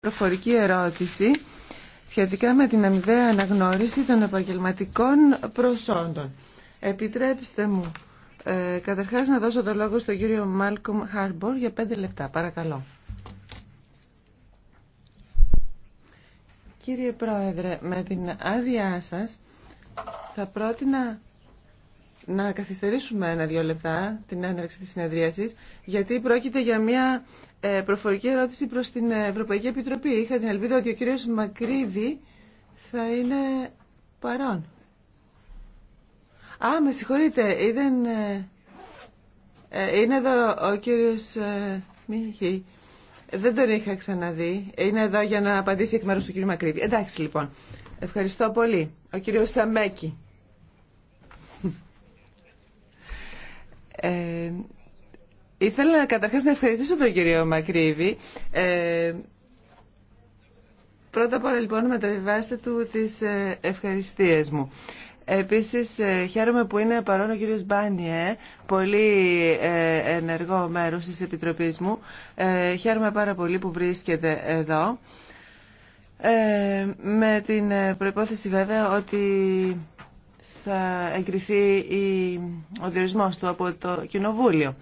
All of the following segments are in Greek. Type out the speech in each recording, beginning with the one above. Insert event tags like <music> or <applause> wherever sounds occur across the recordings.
προφορική ερώτηση σχετικά με την αμοιβαία αναγνώριση των επαγγελματικών προσόντων. Επιτρέψτε μου ε, καταρχάς να δώσω το λόγο στον κύριο Μάλκομ Χάρμπορ για πέντε λεπτά. Παρακαλώ. Κύριε Πρόεδρε, με την άδειά σας θα πρότεινα να καθυστερήσουμε ένα-δύο λεπτά την έναρξη της συνεδρίασης, γιατί πρόκειται για μια ε, προφορική ερώτηση προς την Ευρωπαϊκή Επιτροπή. Είχα την ελπίδα ότι ο κύριος Μακρύβη θα είναι παρόν. Α, με συγχωρείτε, είδεν, ε, ε, είναι εδώ ο κύριος Μίχη. Δεν τον είχα ξαναδεί. Είναι εδώ για να απαντήσει εκ μέρους του κύριου Μακρύβη. Εντάξει λοιπόν. Ευχαριστώ πολύ. Ο κύριος Σαμέκη. Ε, ήθελα καταρχάς να ευχαριστήσω τον κύριο Μακρύβη. Ε, πρώτα απ' όλα λοιπόν μεταβιβάστε του τις ε, ευχαριστίες μου. Επίσης ε, χαίρομαι που είναι παρόν ο κύριος Μπάνιε, πολύ ε, ενεργό μέρος της Επιτροπής μου. Χαίρομαι πάρα πολύ που βρίσκεται εδώ. Ε, με την προϋπόθεση βέβαια ότι θα εγκριθεί η, ο διορισμός του από το Κοινοβούλιο.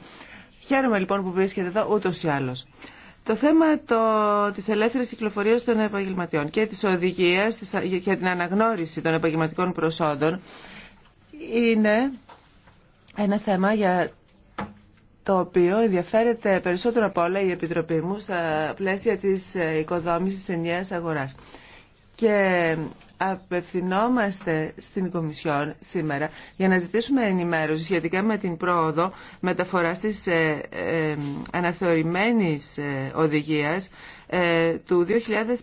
Χαίρομαι λοιπόν που βρίσκεται εδώ ούτως ή άλλως. Το θέμα το, της ελεύθερης κυκλοφορίας των επαγγελματιών και της οδηγίας της, για την αναγνώριση των επαγγελματικών προσόντων είναι ένα θέμα για το οποίο ενδιαφέρεται περισσότερο από όλα η Επιτροπή μου στα πλαίσια της οικοδόμησης ενιαίας αγοράς. Και απευθυνόμαστε στην Κομισιόν σήμερα για να ζητήσουμε ενημέρωση σχετικά με την πρόοδο μεταφοράς της ε, ε, αναθεωρημένης ε, οδηγίας ε, του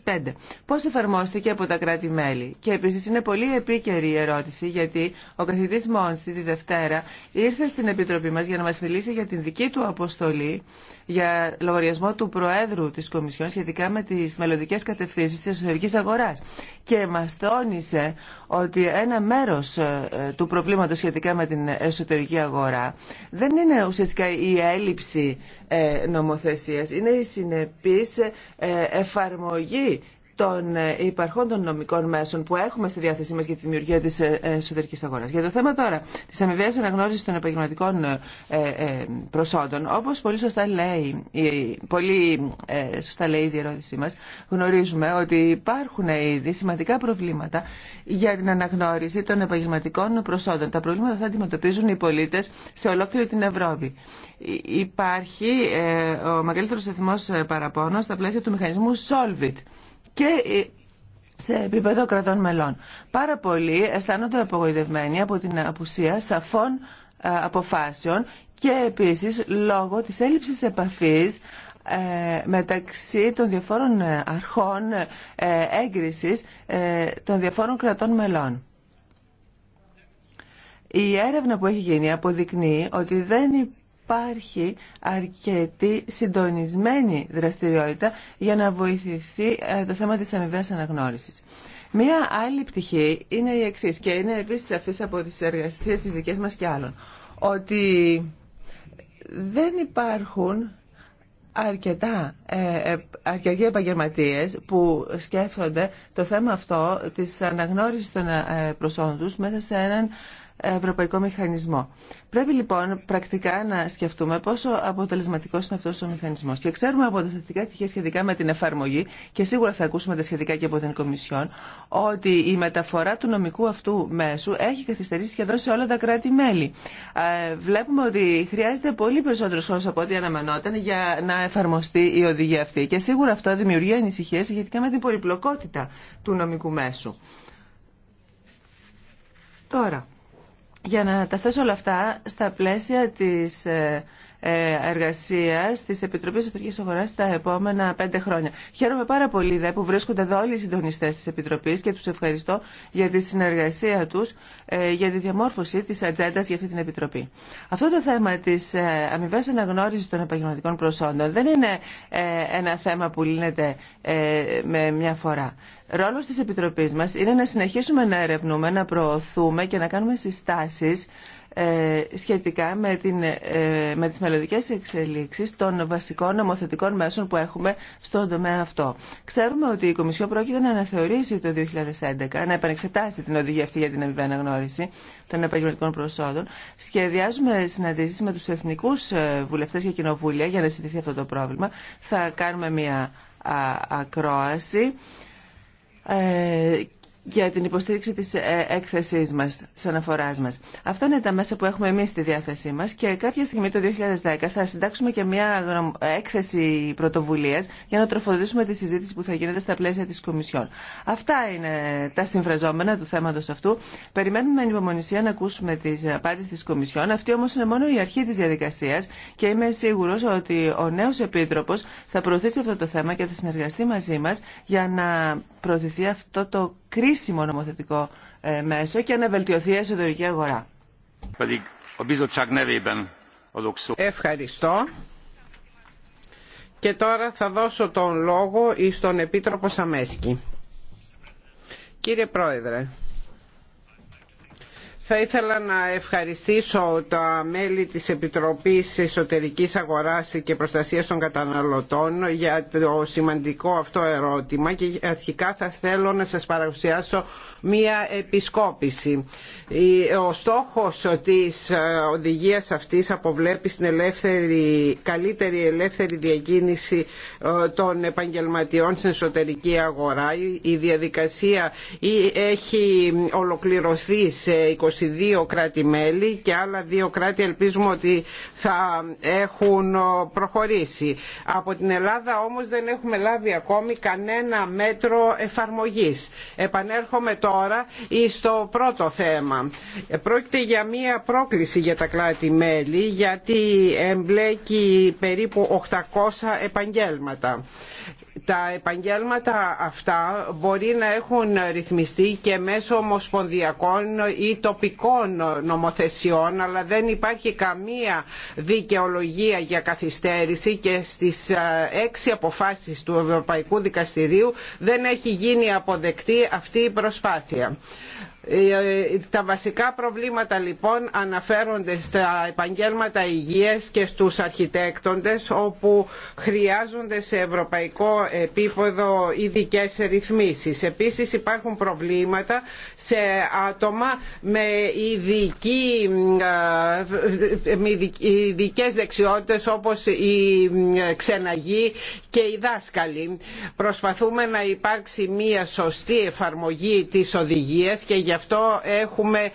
2005. Πώς εφαρμόστηκε από τα κράτη-μέλη. Και επίσης είναι πολύ επίκαιρη η ερώτηση γιατί ο καθηγητής Μόνση τη Δευτέρα ήρθε στην Επιτροπή μας για να μας μιλήσει για την δική του αποστολή για λογαριασμό του Προέδρου της Κομισιόν σχετικά με τις μελλοντικέ κατευθύνσεις της εσωτερικής αγοράς. Και μας τόνισε ότι ένα μέρος ε, του προβλήματος σχετικά με την εσωτερική αγορά δεν είναι ουσιαστικά η έλλειψη ε, νομοθεσίας. Είναι η συνεπής ε, εφαρμογή των ε, υπαρχών των νομικών μέσων που έχουμε στη διάθεσή μα για τη δημιουργία τη ε, ε, εσωτερική αγορά. Για το θέμα τώρα τη αμοιβαία αναγνώριση των επαγγελματικών προσόντων, όπω πολύ σωστά λέει, πολύ σωστά λέει η διερώτησή μα, γνωρίζουμε ότι υπάρχουν ήδη σημαντικά προβλήματα για την αναγνώριση των επαγγελματικών προσόντων. Τα προβλήματα θα αντιμετωπίζουν οι πολίτε σε ολόκληρη την Ευρώπη. Υπάρχει ο μεγαλύτερο αριθμό παραπώνων στα πλαίσια του μηχανισμού Solvit και ε, σε επίπεδο κρατών μελών. Πάρα πολλοί αισθάνονται απογοητευμένοι από την απουσία σαφών ε, αποφάσεων και επίσης λόγω της έλλειψης επαφής ε, μεταξύ των διαφόρων αρχών έγκρισης των διαφόρων κρατών μελών. Η έρευνα που έχει γίνει αποδεικνύει ότι δεν υπάρχει υπάρχει αρκετή συντονισμένη δραστηριότητα για να βοηθηθεί ε, το θέμα της αμοιβαίας αναγνώρισης. Μία άλλη πτυχή είναι η εξή και είναι επίσης αυτής από τις εργασίες της δικές μας και άλλων, ότι δεν υπάρχουν αρκετά ε, ε αρκετοί επαγγελματίες που σκέφτονται το θέμα αυτό της αναγνώρισης των ε, προσόντους μέσα σε έναν Ευρωπαϊκό Μηχανισμό. Πρέπει λοιπόν πρακτικά να σκεφτούμε πόσο αποτελεσματικό είναι αυτό ο μηχανισμό. Και ξέρουμε από τα θετικά στοιχεία σχετικά με την εφαρμογή, και σίγουρα θα ακούσουμε τα σχετικά και από την Κομισιόν, ότι η μεταφορά του νομικού αυτού μέσου έχει καθυστερήσει σχεδόν σε όλα τα κράτη-μέλη. Ε, βλέπουμε ότι χρειάζεται πολύ περισσότερο χρόνο από ό,τι αναμενόταν για να εφαρμοστεί η οδηγία αυτή. Και σίγουρα αυτό δημιουργεί ανησυχίε σχετικά με την πολυπλοκότητα του νομικού μέσου. Τώρα, για να τα θέσω όλα αυτά στα πλαίσια της ε, ε, εργασία τη Επιτροπή Εθνική Αγορά τα επόμενα πέντε χρόνια. Χαίρομαι πάρα πολύ δε που βρίσκονται εδώ όλοι οι συντονιστέ τη Επιτροπή και του ευχαριστώ για τη συνεργασία του ε, για τη διαμόρφωση τη ατζέντα για αυτή την Επιτροπή. Αυτό το θέμα τη ε, αμοιβέ αναγνώριση των επαγγελματικών προσόντων δεν είναι ένα θέμα που λύνεται με μια φορά. Ρόλο τη Επιτροπή μα είναι να συνεχίσουμε να ερευνούμε, να προωθούμε και να κάνουμε συστάσει ε, σχετικά με, την, ε, με τις μελλοντικές εξελίξεις των βασικών νομοθετικών μέσων που έχουμε στον τομέα αυτό. Ξέρουμε ότι η Κομισιό πρόκειται να αναθεωρήσει το 2011, να επανεξετάσει την οδηγία αυτή για την αμοιβή αναγνώριση των επαγγελματικών προσόντων. Σχεδιάζουμε συναντήσεις με τους εθνικούς ε, βουλευτές και κοινοβούλια για να συζητηθεί αυτό το πρόβλημα. Θα κάνουμε μια ακρόαση για την υποστήριξη της ε, έκθεσής μας, της αναφοράς μας. Αυτά είναι τα μέσα που έχουμε εμείς στη διάθεσή μας και κάποια στιγμή το 2010 θα συντάξουμε και μια έκθεση πρωτοβουλίας για να τροφοδοτήσουμε τη συζήτηση που θα γίνεται στα πλαίσια της Κομισιόν. Αυτά είναι τα συμφραζόμενα του θέματος αυτού. Περιμένουμε με ανυπομονησία να ακούσουμε τις απάντησεις της Κομισιόν. Αυτή όμως είναι μόνο η αρχή της διαδικασίας και είμαι σίγουρος ότι ο νέος Επίτροπος θα προωθήσει αυτό το θέμα και θα συνεργαστεί μαζί μας για να προωθηθεί αυτό το κρίσιμο χρήσιμο νομοθετικό ε, μέσο και να βελτιωθεί η εσωτερική αγορά. Ευχαριστώ. Και τώρα θα δώσω τον λόγο στον Επίτροπο Σαμέσκι. Κύριε Πρόεδρε, θα ήθελα να ευχαριστήσω τα μέλη της Επιτροπής Εσωτερικής Αγοράς και Προστασίας των Καταναλωτών για το σημαντικό αυτό ερώτημα και αρχικά θα θέλω να σας παρουσιάσω μία επισκόπηση. Ο στόχος της ε, οδηγίας αυτής αποβλέπει στην ελεύθερη, καλύτερη ελεύθερη διακίνηση ε, των επαγγελματιών στην εσωτερική αγορά. Η διαδικασία έχει ολοκληρωθεί σε δυο κράτη-μέλη και άλλα δύο κράτη ελπίζουμε ότι θα έχουν ε, προχωρήσει. Από την Ελλάδα όμως δεν έχουμε λάβει ακόμη κανένα μέτρο εφαρμογής. Επανέρχομαι τώρα στο πρώτο θέμα. Πρόκειται για μία πρόκληση για τα κράτη-μέλη γιατί εμπλέκει περίπου 800 επαγγέλματα τα επαγγέλματα αυτά μπορεί να έχουν ρυθμιστεί και μέσω ομοσπονδιακών ή τοπικών νομοθεσιών αλλά δεν υπάρχει καμία δικαιολογία για καθυστέρηση και στις ε, έξι αποφάσεις του Ευρωπαϊκού Δικαστηρίου δεν έχει γίνει αποδεκτή αυτή η προσπάθεια. Ε, ε, τα βασικά προβλήματα λοιπόν αναφέρονται στα επαγγέλματα υγείας και στους αρχιτέκτοντες όπου χρειάζονται σε ευρωπαϊκό επίπεδο ειδικέ ρυθμίσεις. Επίσης υπάρχουν προβλήματα σε άτομα με, ειδική, ε, ειδικές δεξιότητες όπως η ξεναγή και οι δάσκαλοι. Προσπαθούμε να υπάρξει μία σωστή εφαρμογή της οδηγίας και γι' αυτό έχουμε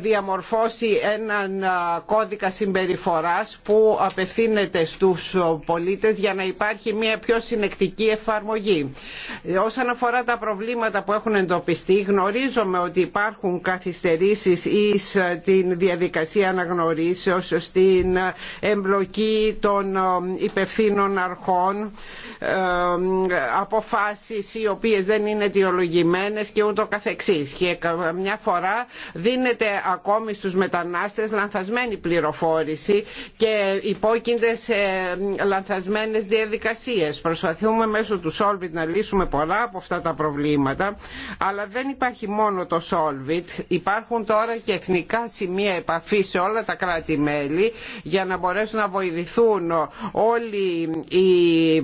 διαμορφώσει έναν κώδικα συμπεριφοράς που απευθύνεται στους πολίτες για να υπάρχει μια πιο συνεκτική εφαρμογή. Όσον αφορά τα προβλήματα που έχουν εντοπιστεί γνωρίζομαι ότι υπάρχουν καθυστερήσεις ή την διαδικασία αναγνωρίσεως στην εμπλοκή των υπευθύνων αρχών ε, αποφάσεις οι οποίες δεν είναι αιτιολογημένες και ούτω καθεξής και μια φορά δίνεται ακόμη στους μετανάστες λανθασμένη πληροφόρηση και υπόκεινται σε λανθασμένες διαδικασίες. Προσπαθούμε μέσω του Solvit να λύσουμε πολλά από αυτά τα προβλήματα, αλλά δεν υπάρχει μόνο το Solvit, υπάρχουν τώρα και εθνικά σημεία επαφή σε όλα τα κράτη-μέλη για να μπορέσουν να βοηθηθούν όλοι οι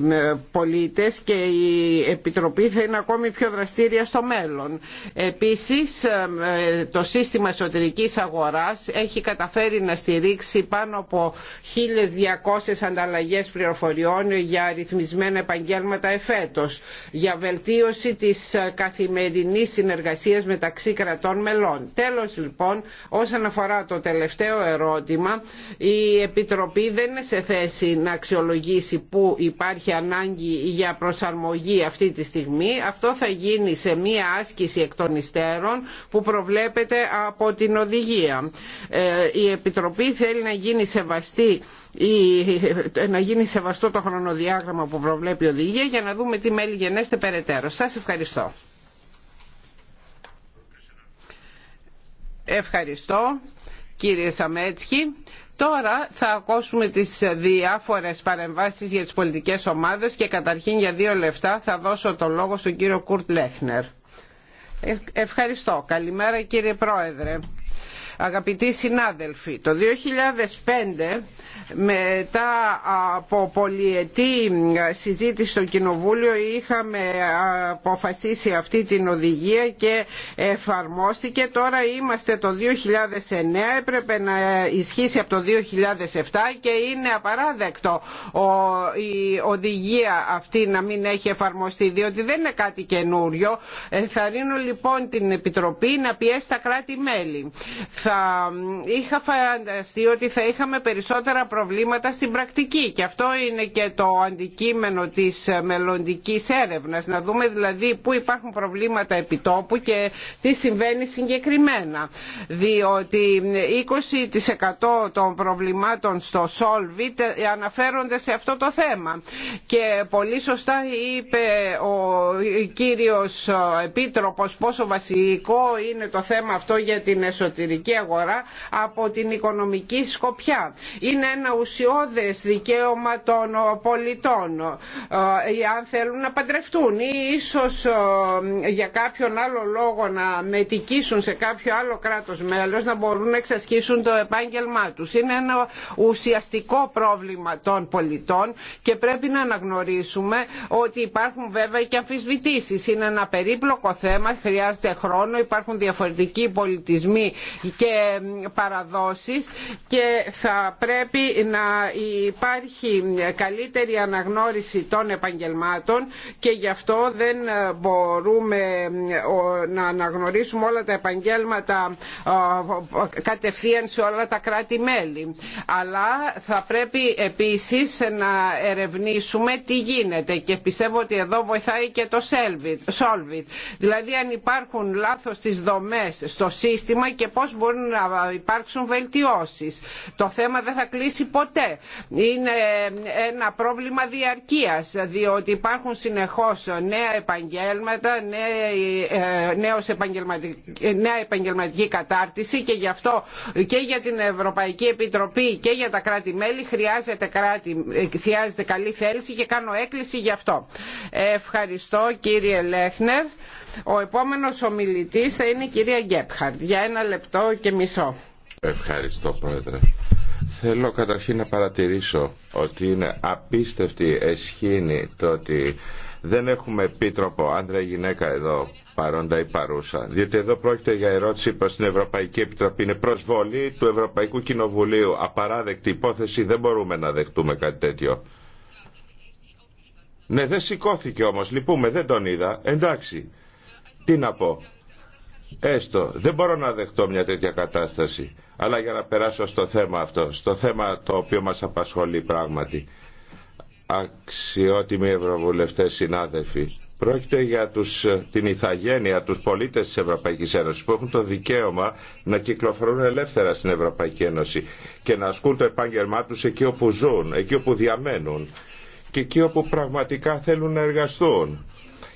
πολίτες και η Επιτροπή θα είναι ακόμη πιο δραστήρια στο μέλλον. Επίσης, ε, ε, το σύστημα εσωτερικής αγοράς έχει καταφέρει να στηρίξει πάνω από 1.200 ανταλλαγές πληροφοριών για ρυθμισμένα επαγγέλματα εφέτος, για βελτίωση της ε, καθημερινής συνεργασίας μεταξύ κρατών μελών. Τέλος λοιπόν, όσον αφορά το τελευταίο ερώτημα, η Επιτροπή δεν είναι σε θέση να αξιολογήσει που υπάρχει ανάγκη για προσαρμογή αυτή τη στιγμή. Αυτό θα γίνει σε μία άσκηση εκ των υστέρων που προβλέπεται από την οδηγία. Ε, η Επιτροπή θέλει να γίνει σεβαστή να γίνει σεβαστό το χρονοδιάγραμμα που προβλέπει η οδηγία για να δούμε τι μέλη γενέστε περαιτέρω. Σας ευχαριστώ. Ευχαριστώ κύριε Σαμέτσκι. Τώρα θα ακούσουμε τις διάφορες παρεμβάσεις για τις πολιτικές ομάδες και καταρχήν για δύο λεφτά θα δώσω το λόγο στον κύριο Κουρτ Λέχνερ. Ε, ευχαριστώ. Καλημέρα κύριε Πρόεδρε. Αγαπητοί συνάδελφοι, το 2005 μετά από πολυετή ε, συζήτηση στο Κοινοβούλιο είχαμε ε, αποφασίσει αυτή την οδηγία και εφαρμόστηκε. Τώρα είμαστε το 2009, έπρεπε να ισχύσει από το 2007 και είναι απαράδεκτο η οδηγία αυτή να μην έχει εφαρμοστεί διότι δεν είναι κάτι καινούριο. Ε, θα ρίνω λοιπόν την Επιτροπή να πιέσει τα κράτη-μέλη είχα φανταστεί ότι θα είχαμε περισσότερα προβλήματα στην πρακτική και αυτό είναι και το αντικείμενο της μελλοντική έρευνας να δούμε δηλαδή πού υπάρχουν προβλήματα επιτόπου και τι συμβαίνει συγκεκριμένα διότι 20% των προβλημάτων στο Solvit αναφέρονται σε αυτό το θέμα και πολύ σωστά είπε ο κύριος Επίτροπος πόσο βασικό είναι το θέμα αυτό για την εσωτερική αγορά από την οικονομική σκοπιά. Είναι ένα ουσιώδες δικαίωμα των ε, πολιτών ε, ε, αν θέλουν να παντρευτούν ή ίσως για κάποιον άλλο λόγο να μετικήσουν σε κάποιο άλλο κράτος μέλος να μπορούν να εξασκήσουν το επάγγελμά τους. Είναι ένα ουσιαστικό πρόβλημα των πολιτών και πρέπει να αναγνωρίσουμε ότι υπάρχουν βέβαια και αμφισβητήσεις. Είναι ένα περίπλοκο θέμα, χρειάζεται χρόνο, υπάρχουν διαφορετικοί πολιτισμοί και και παραδόσεις και θα πρέπει να υπάρχει καλύτερη αναγνώριση των επαγγελμάτων και γι' αυτό δεν ε, μπορούμε να αναγνωρίσουμε όλα τα επαγγέλματα ε, κατευθείαν σε όλα τα κράτη-μέλη. Αλλά θα πρέπει επίσης να ερευνήσουμε τι γίνεται και πιστεύω ότι εδώ βοηθάει και το Solvit. Δηλαδή αν υπάρχουν λάθος στις δομές στο σύστημα και πώς μπορούμε να υπάρξουν βελτιώσεις. Το θέμα δεν θα κλείσει ποτέ. Είναι ένα πρόβλημα διαρκείας, διότι υπάρχουν συνεχώς νέα επαγγέλματα, νέα, ε, επαγγελματική, κατάρτιση και γι' αυτό και για την Ευρωπαϊκή Επιτροπή και για τα κράτη-μέλη χρειάζεται, χρειάζεται καλή θέληση και κάνω έκκληση γι' αυτό. Ευχαριστώ κύριε Λέχνερ. Ο επόμενος ομιλητής θα είναι η κυρία Γκέπχαρτ. Για ένα λεπτό και μισό. Ευχαριστώ πρόεδρε. Θέλω καταρχήν να παρατηρήσω ότι είναι απίστευτη εσχήνη το ότι δεν έχουμε επίτροπο άντρα ή γυναίκα εδώ παρόντα ή παρούσα. Διότι εδώ πρόκειται για ερώτηση προς την Ευρωπαϊκή Επιτροπή. Είναι προσβολή του Ευρωπαϊκού Κοινοβουλίου. Απαράδεκτη υπόθεση. Δεν μπορούμε να δεχτούμε κάτι τέτοιο. Ναι, δεν σηκώθηκε όμως. Λυπούμε, δεν τον είδα. Εντάξει. Τι να πω. Έστω, δεν μπορώ να δεχτώ μια τέτοια κατάσταση. Αλλά για να περάσω στο θέμα αυτό, στο θέμα το οποίο μας απασχολεί πράγματι. Αξιότιμοι ευρωβουλευτές συνάδελφοι, Πρόκειται για τους, την ηθαγένεια, τους πολίτες της Ευρωπαϊκής Ένωσης που έχουν το δικαίωμα να κυκλοφορούν ελεύθερα στην Ευρωπαϊκή Ένωση και να ασκούν το επάγγελμά τους εκεί όπου ζουν, εκεί όπου διαμένουν και εκεί όπου πραγματικά θέλουν να εργαστούν.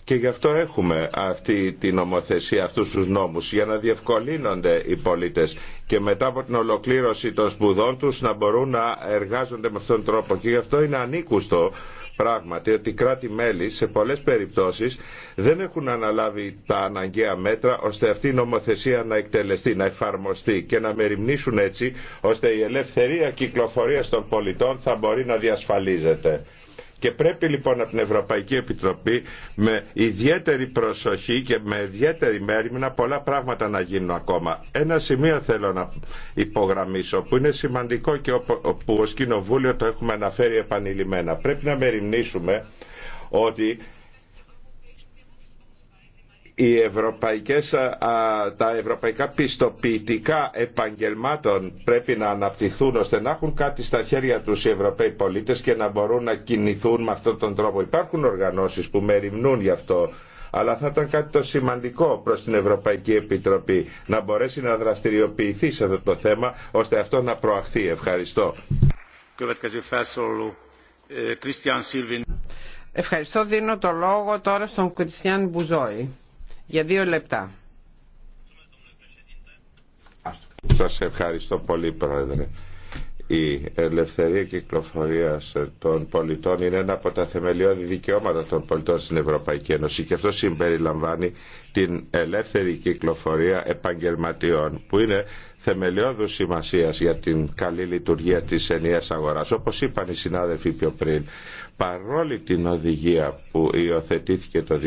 Και γι' αυτό έχουμε αυτή την νομοθεσία, αυτούς τους νόμους, για να διευκολύνονται οι πολίτες και μετά από την ολοκλήρωση των σπουδών τους να μπορούν να εργάζονται με αυτόν τον τρόπο. Και γι' αυτό είναι ανήκουστο πράγματι ότι κράτη-μέλη σε πολλές περιπτώσεις δεν έχουν αναλάβει τα αναγκαία μέτρα ώστε αυτή η νομοθεσία να εκτελεστεί, να εφαρμοστεί και να μεριμνήσουν έτσι ώστε η ελευθερία κυκλοφορίας των πολιτών θα μπορεί να διασφαλίζεται. Και πρέπει λοιπόν από την Ευρωπαϊκή Επιτροπή με ιδιαίτερη προσοχή και με ιδιαίτερη μέρημνα πολλά πράγματα να γίνουν ακόμα. Ένα σημείο θέλω να υπογραμμίσω που είναι σημαντικό και που ως Κοινοβούλιο το έχουμε αναφέρει επανειλημμένα. Πρέπει να μεριμνήσουμε ότι τα ευρωπαϊκά πιστοποιητικά επαγγελμάτων πρέπει να αναπτυχθούν ώστε να έχουν κάτι στα χέρια τους οι Ευρωπαίοι πολίτες και να μπορούν να κινηθούν με αυτόν τον τρόπο. Υπάρχουν οργανώσεις που μεριμνούν γι' αυτό αλλά θα ήταν κάτι το σημαντικό προς την Ευρωπαϊκή Επιτροπή να μπορέσει να δραστηριοποιηθεί σε αυτό το θέμα ώστε αυτό να προαχθεί. Ευχαριστώ. Ευχαριστώ. Δίνω το λόγο τώρα στον Κριστιαν Μπουζόη για δύο λεπτά. Σας ευχαριστώ πολύ Πρόεδρε. Η ελευθερία κυκλοφορίας των πολιτών είναι ένα από τα θεμελιώδη δικαιώματα των πολιτών στην Ευρωπαϊκή Ένωση και αυτό συμπεριλαμβάνει την ελεύθερη κυκλοφορία επαγγελματιών που είναι θεμελιώδου σημασία για την καλή λειτουργία της ενιαίας αγοράς. Όπως είπαν οι συνάδελφοι πιο πριν, παρόλη την οδηγία που υιοθετήθηκε το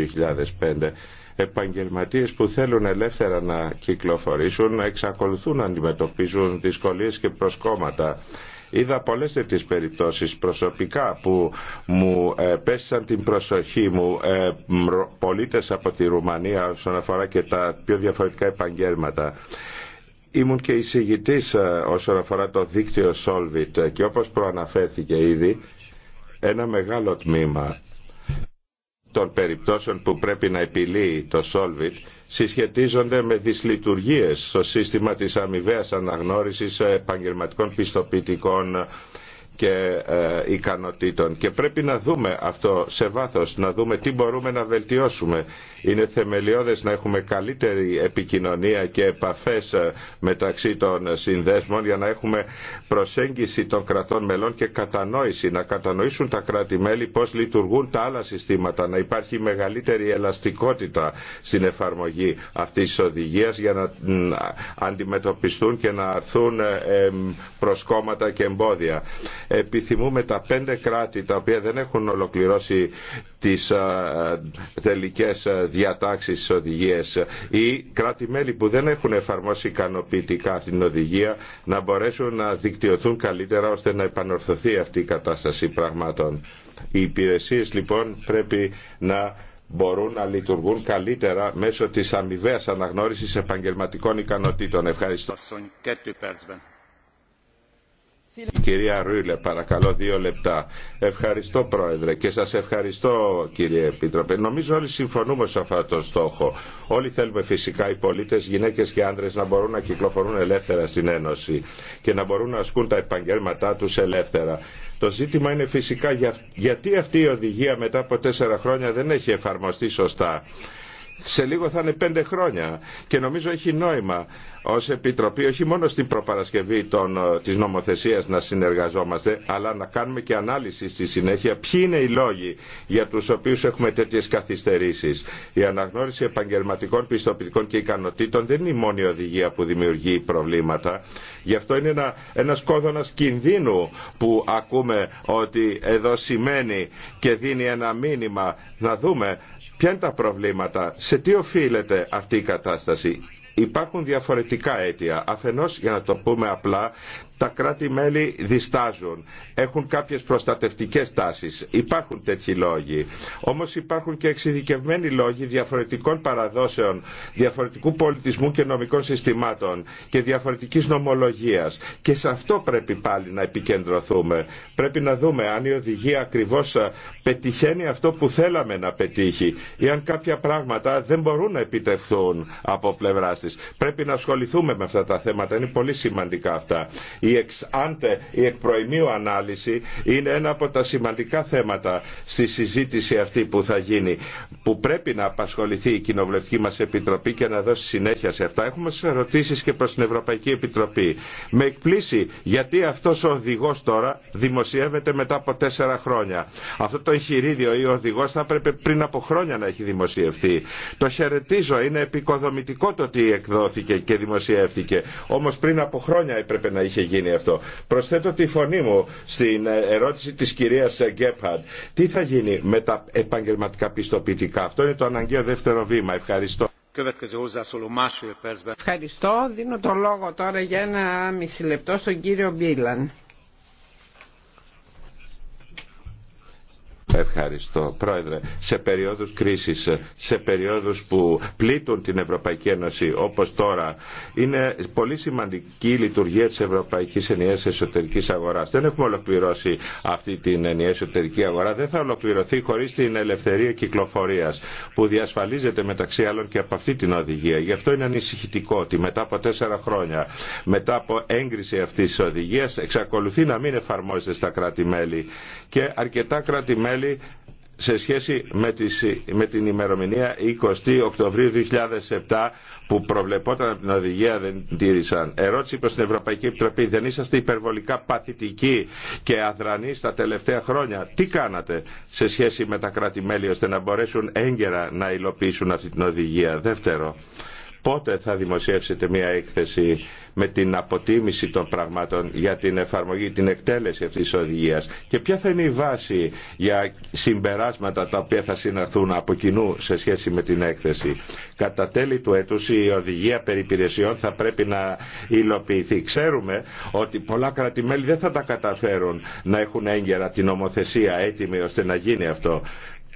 2005 επαγγελματίες που θέλουν ελεύθερα να κυκλοφορήσουν να εξακολουθούν να αντιμετωπίζουν δυσκολίες και προσκόμματα. Είδα πολλές τέτοιες περιπτώσεις προσωπικά που μου ε, πέσαν την προσοχή μου ε, πολίτες από τη Ρουμανία όσον αφορά και τα πιο διαφορετικά επαγγέλματα. Ήμουν και εισηγητής ε, όσον αφορά το δίκτυο Solvit και όπως προαναφέρθηκε ήδη ένα μεγάλο τμήμα των περιπτώσεων που πρέπει να επιλύει το Solvit συσχετίζονται με δυσλειτουργίες στο σύστημα της αμοιβαίας αναγνώρισης επαγγελματικών πιστοποιητικών και ε, ικανοτήτων και πρέπει να δούμε αυτό σε βάθος, να δούμε τι μπορούμε να βελτιώσουμε. Είναι θεμελιώδες να έχουμε καλύτερη επικοινωνία και επαφές ε, μεταξύ των συνδέσμων για να έχουμε προσέγγιση των κρατών μελών και κατανόηση, να κατανοήσουν τα κράτη-μέλη πώς λειτουργούν τα άλλα συστήματα, να υπάρχει μεγαλύτερη ελαστικότητα στην εφαρμογή αυτής της οδηγίας για να αντιμετωπιστούν και να αρθούν ε, προσκόμματα και εμπόδια επιθυμούμε τα πέντε κράτη τα οποία δεν έχουν ολοκληρώσει τις τελικές διατάξεις της οδηγίας ή κράτη-μέλη που δεν έχουν εφαρμόσει ικανοποιητικά την οδηγία να μπορέσουν να δικτυωθούν καλύτερα ώστε να επανορθωθεί αυτή η κατάσταση πραγμάτων. Οι υπηρεσίες λοιπόν πρέπει να μπορούν να λειτουργούν καλύτερα μέσω της αμοιβαίας αναγνώρισης επαγγελματικών ικανοτήτων. Ευχαριστώ κυρία Ρούιλε, παρακαλώ δύο λεπτά. Ευχαριστώ Πρόεδρε και σας ευχαριστώ κύριε Επίτροπε. Νομίζω όλοι συμφωνούμε σε αυτό το στόχο. Όλοι θέλουμε φυσικά οι πολίτες, γυναίκες και άνδρες να μπορούν να κυκλοφορούν ελεύθερα στην Ένωση και να μπορούν να ασκούν τα επαγγέλματά τους ελεύθερα. Το ζήτημα είναι φυσικά γιατί αυτή η οδηγία μετά από τέσσερα χρόνια δεν έχει εφαρμοστεί σωστά σε λίγο θα είναι πέντε χρόνια και νομίζω έχει νόημα ως Επιτροπή όχι μόνο στην προπαρασκευή των, ε, της νομοθεσίας να συνεργαζόμαστε αλλά να κάνουμε και ανάλυση στη συνέχεια ποιοι είναι οι λόγοι για τους οποίους έχουμε τέτοιες καθυστερήσεις. Η αναγνώριση επαγγελματικών πιστοποιητικών και ικανοτήτων δεν είναι η μόνη οδηγία που δημιουργεί προβλήματα. Γι' αυτό είναι ένα, ένας κόδωνας κινδύνου που ακούμε ότι εδώ σημαίνει και δίνει ένα μήνυμα. Να δούμε Ποια είναι τα προβλήματα, σε τι οφείλεται αυτή η κατάσταση. Υπάρχουν διαφορετικά αίτια. Αφενός, για να το πούμε απλά, τα κράτη-μέλη διστάζουν. Έχουν κάποιες προστατευτικές τάσεις. Υπάρχουν τέτοιοι λόγοι. Όμως υπάρχουν και εξειδικευμένοι λόγοι διαφορετικών παραδόσεων, διαφορετικού πολιτισμού και νομικών συστημάτων και διαφορετικής νομολογίας. Και σε αυτό πρέπει πάλι να επικεντρωθούμε. Πρέπει να δούμε αν η οδηγία ακριβώς ε, πετυχαίνει αυτό που θέλαμε να πετύχει ή αν κάποια πράγματα δεν μπορούν να επιτευχθούν από πλευρά τη. Πρέπει να ασχοληθούμε με αυτά τα θέματα. Είναι πολύ σημαντικά αυτά. Η εξ άντε, η εκ ανάλυση είναι ένα από τα σημαντικά θέματα στη συζήτηση αυτή που θα γίνει, που πρέπει να απασχοληθεί η Κοινοβουλευτική μα Επιτροπή και να δώσει συνέχεια σε αυτά. Έχουμε ερωτήσει και προ την Ευρωπαϊκή Επιτροπή. Με εκπλήσει γιατί αυτό ο οδηγό τώρα δημοσιεύεται μετά από τέσσερα χρόνια. Αυτό το εγχειρίδιο ή ο οδηγό θα έπρεπε πριν από χρόνια να έχει δημοσιευθεί. Το χαιρετίζω, είναι επικοδομητικό το ότι εκδόθηκε και δημοσιεύθηκε. Όμω πριν από χρόνια έπρεπε να είχε γίνει γίνει αυτό. Προσθέτω τη φωνή μου στην ε, ερώτηση της κυρίας ε, Γκέπχαρντ. Τι θα γίνει με τα επαγγελματικά πιστοποιητικά. Αυτό είναι το αναγκαίο δεύτερο βήμα. Ευχαριστώ. Ευχαριστώ. Δίνω το λόγο τώρα για ένα μισή λεπτό στον κύριο Μπίλαν. Ευχαριστώ. Πρόεδρε, σε περίοδους κρίσης, σε περίοδους που πλήττουν την Ευρωπαϊκή Ένωση, όπως τώρα, είναι πολύ σημαντική η λειτουργία της Ευρωπαϊκής Ενιαίας Εσωτερικής Αγοράς. Δεν έχουμε ολοκληρώσει αυτή την ενιαία εσωτερική αγορά. Δεν θα ολοκληρωθεί χωρίς την ελευθερία κυκλοφορίας, που διασφαλίζεται μεταξύ άλλων και από αυτή την οδηγία. Γι' αυτό είναι ανησυχητικό ότι μετά από τέσσερα χρόνια, μετά από έγκριση αυτής της οδηγίας, εξακολουθεί να μην εφαρμόζεται στα κρατη Και αρκετά σε σχέση με, την ημερομηνία 20 Οκτωβρίου 2007 που προβλεπόταν από την οδηγία δεν τήρησαν. Ερώτηση προς την Ευρωπαϊκή Επιτροπή. Δεν είσαστε υπερβολικά παθητικοί και αδρανοί στα τελευταία χρόνια. Τι κάνατε σε σχέση με τα κράτη-μέλη ώστε να μπορέσουν έγκαιρα να υλοποιήσουν αυτή την οδηγία. Δεύτερο πότε θα δημοσιεύσετε μια έκθεση με την αποτίμηση των πραγμάτων για την εφαρμογή, την εκτέλεση αυτής της οδηγίας και ποια θα είναι η βάση για συμπεράσματα τα οποία θα συναρθούν από κοινού σε σχέση με την έκθεση. Κατά τέλη του έτους η οδηγία περιπηρεσιών θα πρέπει να υλοποιηθεί. Ξέρουμε ότι πολλά κρατημέλη δεν θα τα καταφέρουν να έχουν έγκαιρα την νομοθεσία έτοιμη ώστε να γίνει αυτό.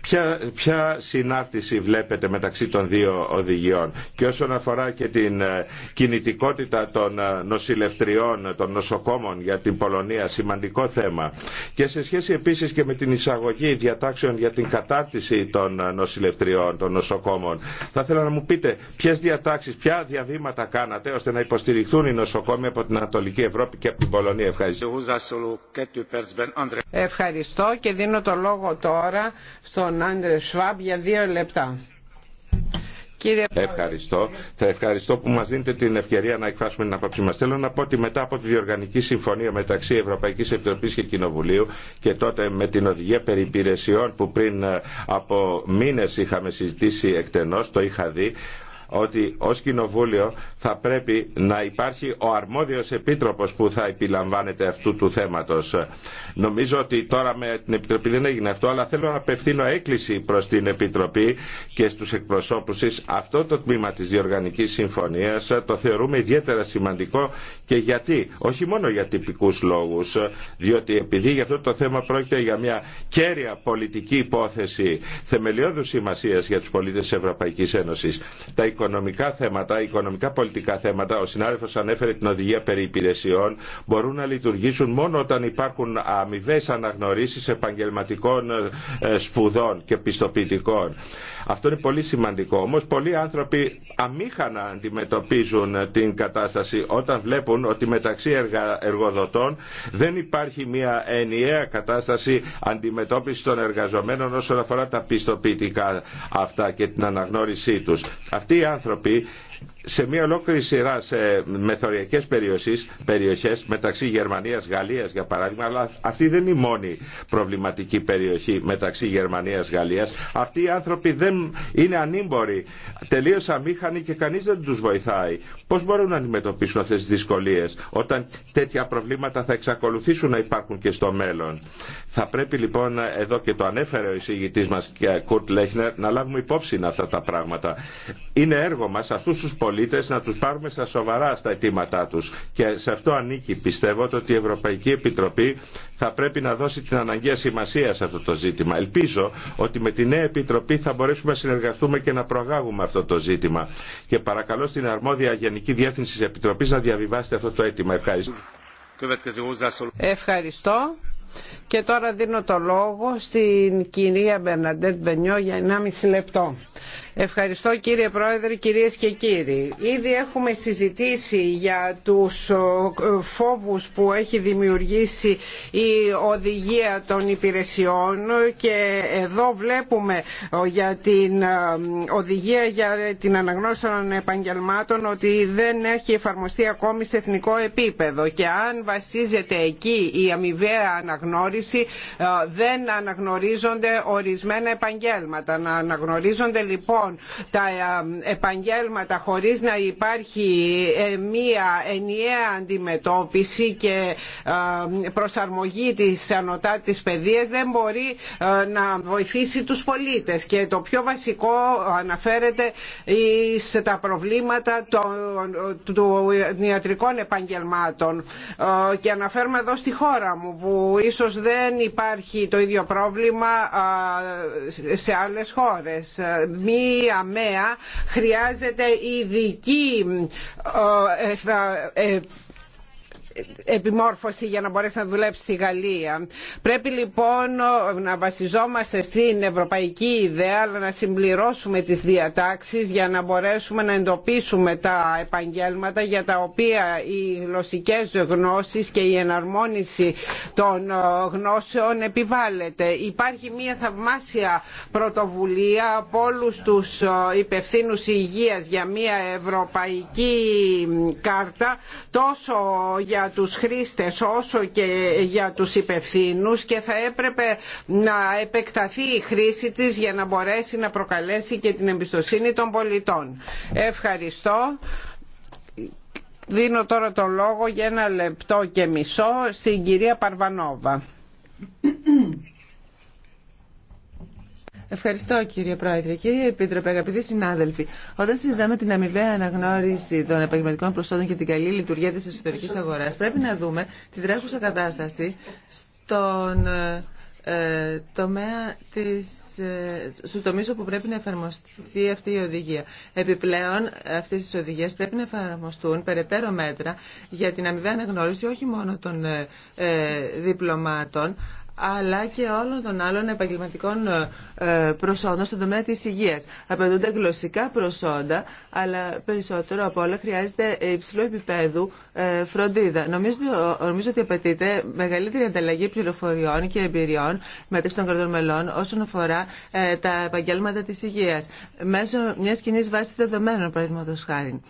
Ποια, ποια συνάρτηση βλέπετε μεταξύ των δύο οδηγιών και όσον αφορά και την ε, κινητικότητα των ε, νοσηλευτριών, των νοσοκόμων για την Πολωνία, σημαντικό θέμα. Και σε σχέση επίσης και με την εισαγωγή διατάξεων για την κατάρτιση των ε, νοσηλευτριών, των νοσοκόμων. Θα ήθελα να μου πείτε ποιε διατάξεις, ποια διαβήματα κάνατε ώστε να υποστηριχθούν οι νοσοκόμοι από την Ανατολική Ευρώπη και από την Πολωνία. Ευχαριστώ. Ευχαριστώ και δίνω το λόγο τώρα στον Λοιπόν, ευχαριστώ. Θα ευχαριστώ που μα δίνετε την ευκαιρία να εκφράσουμε την απόψη μα. Θέλω να πω ότι μετά από τη διοργανική συμφωνία μεταξύ Ευρωπαϊκή Επιτροπής και Κοινοβουλίου και τότε με την οδηγία περί που πριν ε, από μήνε είχαμε συζητήσει εκτενώς, το είχα δει, ότι ως Κοινοβούλιο θα πρέπει να υπάρχει ο αρμόδιος επίτροπος που θα επιλαμβάνεται αυτού του θέματος. Νομίζω ότι τώρα με την Επιτροπή δεν έγινε αυτό, αλλά θέλω να απευθύνω έκκληση προς την Επιτροπή και στους εκπροσώπους της. Αυτό το τμήμα της Διοργανικής Συμφωνίας το θεωρούμε ιδιαίτερα σημαντικό και γιατί, όχι μόνο για τυπικούς λόγους, διότι επειδή για αυτό το θέμα πρόκειται για μια κέρια πολιτική υπόθεση θεμελιώδου σημασία για του πολίτες τη Ευρωπαϊκή Ένωση. Τα οικονομικά θέματα, οικονομικά πολιτικά θέματα, ο συνάδελφο ανέφερε την οδηγία περί υπηρεσιών, μπορούν να λειτουργήσουν μόνο όταν υπάρχουν αμοιβέ αναγνωρίσει επαγγελματικών ε, σπουδών και πιστοποιητικών. Αυτό είναι πολύ σημαντικό. Όμως πολλοί άνθρωποι αμήχανα αντιμετωπίζουν την κατάσταση όταν βλέπουν ότι μεταξύ εργοδοτών δεν υπάρχει μια ενιαία κατάσταση αντιμετώπισης των εργαζομένων όσον αφορά τα πιστοποιητικά αυτά και την αναγνώρισή τους. Αυτοί οι άνθρωποι σε μια ολόκληρη σειρά σε μεθοριακές περιοχές, περιοχές μεταξύ Γερμανίας, Γαλλίας για παράδειγμα αλλά αυτή δεν είναι η μόνη προβληματική περιοχή μεταξύ Γερμανίας, Γαλλίας αυτοί οι άνθρωποι δεν είναι ανήμποροι τελείως αμήχανοι και κανείς δεν τους βοηθάει πώς μπορούν να αντιμετωπίσουν αυτές τις δυσκολίες όταν τέτοια προβλήματα θα εξακολουθήσουν να υπάρχουν και στο μέλλον θα πρέπει λοιπόν εδώ και το ανέφερε ο εισηγητής μας Κουρτ Λέχνερ να λάβουμε υπόψη αυτά τα πράγματα είναι έργο μας αυτούς τους πολίτες να τους πάρουμε στα σοβαρά στα αιτήματά τους. Και σε αυτό ανήκει πιστεύω ότι η Ευρωπαϊκή Επιτροπή θα πρέπει να δώσει την αναγκαία σημασία σε αυτό το ζήτημα. Ελπίζω ότι με τη νέα Επιτροπή θα μπορέσουμε να συνεργαστούμε και να προαγάγουμε αυτό το ζήτημα. Και παρακαλώ στην αρμόδια Γενική Διεύθυνση της Επιτροπής να διαβιβάσετε αυτό το αίτημα. Ευχαριστώ. Ευχαριστώ. Και τώρα δίνω το λόγο στην κυρία Μπερναντέτ Μπενιό για 1,5 λεπτό. Ευχαριστώ κύριε Πρόεδρε, κυρίες και κύριοι. Ήδη έχουμε συζητήσει για τους ε, φόβους που έχει δημιουργήσει η οδηγία των υπηρεσιών και εδώ βλέπουμε ε, για την ε, οδηγία για την αναγνώριση των επαγγελμάτων ότι δεν έχει εφαρμοστεί ακόμη σε εθνικό επίπεδο και αν βασίζεται εκεί η αμοιβαία αναγνώριση δεν αναγνωρίζονται ορισμένα επαγγέλματα. Να αναγνωρίζονται λοιπόν Λοιπόν, τα ε, επαγγέλματα χωρίς να υπάρχει ε, μία ενιαία αντιμετώπιση και προσαρμογή της ανωτάτης παιδείας δεν μπορεί ε, να βοηθήσει τους πολίτες και το πιο βασικό αναφέρεται σε τα προβλήματα των ιατρικών επαγγελμάτων και αναφέρουμε εδώ στη χώρα μου που ίσως δεν υπάρχει το ίδιο πρόβλημα σε άλλες χώρες η ΑΜΕΑ χρειάζεται ειδική ε, ε, ε, επιμόρφωση για να μπορέσει να δουλέψει στη Γαλλία. Πρέπει λοιπόν να βασιζόμαστε στην ευρωπαϊκή ιδέα αλλά να συμπληρώσουμε τις διατάξεις για να μπορέσουμε να εντοπίσουμε τα επαγγέλματα για τα οποία οι γλωσσικές γνώσεις και η εναρμόνιση των γνώσεων επιβάλλεται. Υπάρχει μια θαυμάσια πρωτοβουλία από όλου τους υπευθύνους υγείας για μια ευρωπαϊκή κάρτα τόσο για τους χρήστες όσο και για τους υπευθύνους και θα έπρεπε να επεκταθεί η χρήση της για να μπορέσει να προκαλέσει και την εμπιστοσύνη των πολιτών. Ευχαριστώ. Δίνω τώρα το λόγο για ένα λεπτό και μισό στην κυρία Παρβανόβα. Ευχαριστώ κύριε Πρόεδρε. Κύριε Επίτροπε, αγαπητοί συνάδελφοι, όταν συζητάμε την αμοιβαία αναγνώριση των επαγγελματικών προσόντων και την καλή λειτουργία τη εσωτερική αγορά, πρέπει να δούμε τη τρέχουσα κατάσταση στον ε, ε, τομέα της, ε, στο τομίσο που πρέπει να εφαρμοστεί αυτή η οδηγία. Επιπλέον, αυτέ τι οδηγίε πρέπει να εφαρμοστούν περαιτέρω μέτρα για την αμοιβαία αναγνώριση όχι μόνο των διπλωμάτων, αλλά και όλων των άλλων επαγγελματικών ε, ε, προσόντων στον τομέα της υγείας. Απαιτούνται γλωσσικά προσόντα, αλλά περισσότερο από όλα χρειάζεται υψηλό επίπεδου ε, φροντίδα. Νομίζω, νομίζω ότι απαιτείται μεγαλύτερη ανταλλαγή πληροφοριών και εμπειριών μεταξύ των κρατών μελών όσον αφορά τα επαγγέλματα της υγείας μέσω μιας κοινή βάσης δεδομένων, παραδείγματος χάρη.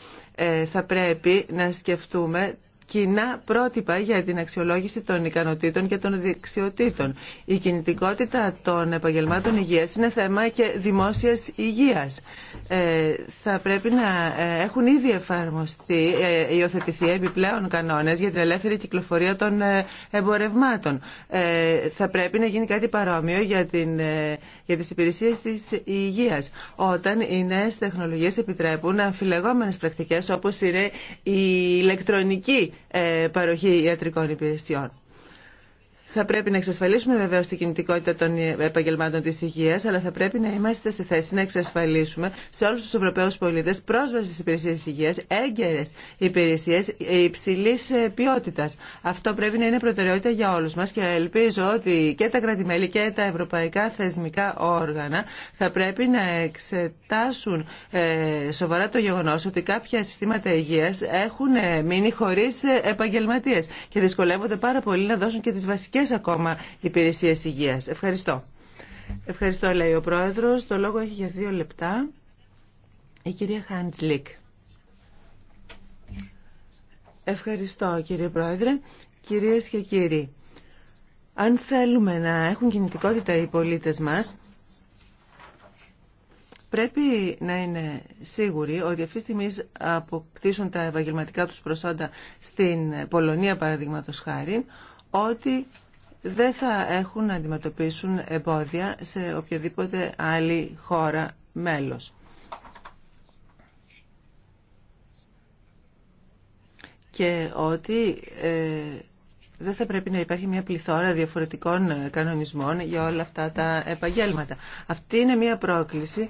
θα πρέπει να σκεφτούμε κοινά πρότυπα για την αξιολόγηση των ικανοτήτων και των δεξιοτήτων. Η κινητικότητα των επαγγελμάτων υγείας είναι θέμα και δημόσιας υγείας. Ε, θα πρέπει να ε, έχουν ήδη εφαρμοστεί, ε, υιοθετηθεί επιπλέον κανόνες για την ελεύθερη κυκλοφορία των ε, εμπορευμάτων. θα πρέπει να γίνει κάτι παρόμοιο για, την, για τις υπηρεσίες της υγείας. Όταν οι νέες τεχνολογίες επιτρέπουν αφιλεγόμενε πρακτικές όπως είναι η ηλεκτρονική ε, παροχή ιατρικών υπηρεσιών. Θα πρέπει να εξασφαλίσουμε βεβαίω την κινητικότητα των επαγγελμάτων τη υγεία, αλλά θα πρέπει να είμαστε σε θέση να εξασφαλίσουμε σε όλου του Ευρωπαίου πολίτε πρόσβαση στι υπηρεσίε υγεία, έγκαιρε υπηρεσίε υψηλή ε, ποιότητα. Αυτό πρέπει να είναι προτεραιότητα για όλου μα και ελπίζω ότι και τα κρατημέλη και τα ευρωπαϊκά θεσμικά όργανα θα πρέπει να εξετάσουν ε, σοβαρά το γεγονό ότι κάποια συστήματα υγεία έχουν ε, μείνει χωρί επαγγελματίε και δυσκολεύονται πάρα πολύ να δώσουν και τι βασικέ διαφορετικές ακόμα υπηρεσίες υγείας. Ευχαριστώ. Ευχαριστώ, λέει ο Πρόεδρος. Το λόγο έχει για δύο λεπτά η κυρία Χάντσλικ. Ευχαριστώ, κύριε Πρόεδρε. Κυρίες και κύριοι, αν θέλουμε να έχουν κινητικότητα οι πολίτες μας, Πρέπει να είναι σίγουροι ότι αυτή τη στιγμή αποκτήσουν τα επαγγελματικά τους προσόντα στην Πολωνία, παραδείγματο χάρη, ότι δεν θα έχουν να αντιμετωπίσουν εμπόδια σε οποιαδήποτε άλλη χώρα μέλος. Και ότι ε, δεν θα πρέπει να υπάρχει μια πληθώρα διαφορετικών ε, κανονισμών για όλα αυτά τα επαγγέλματα. Αυτή είναι μια πρόκληση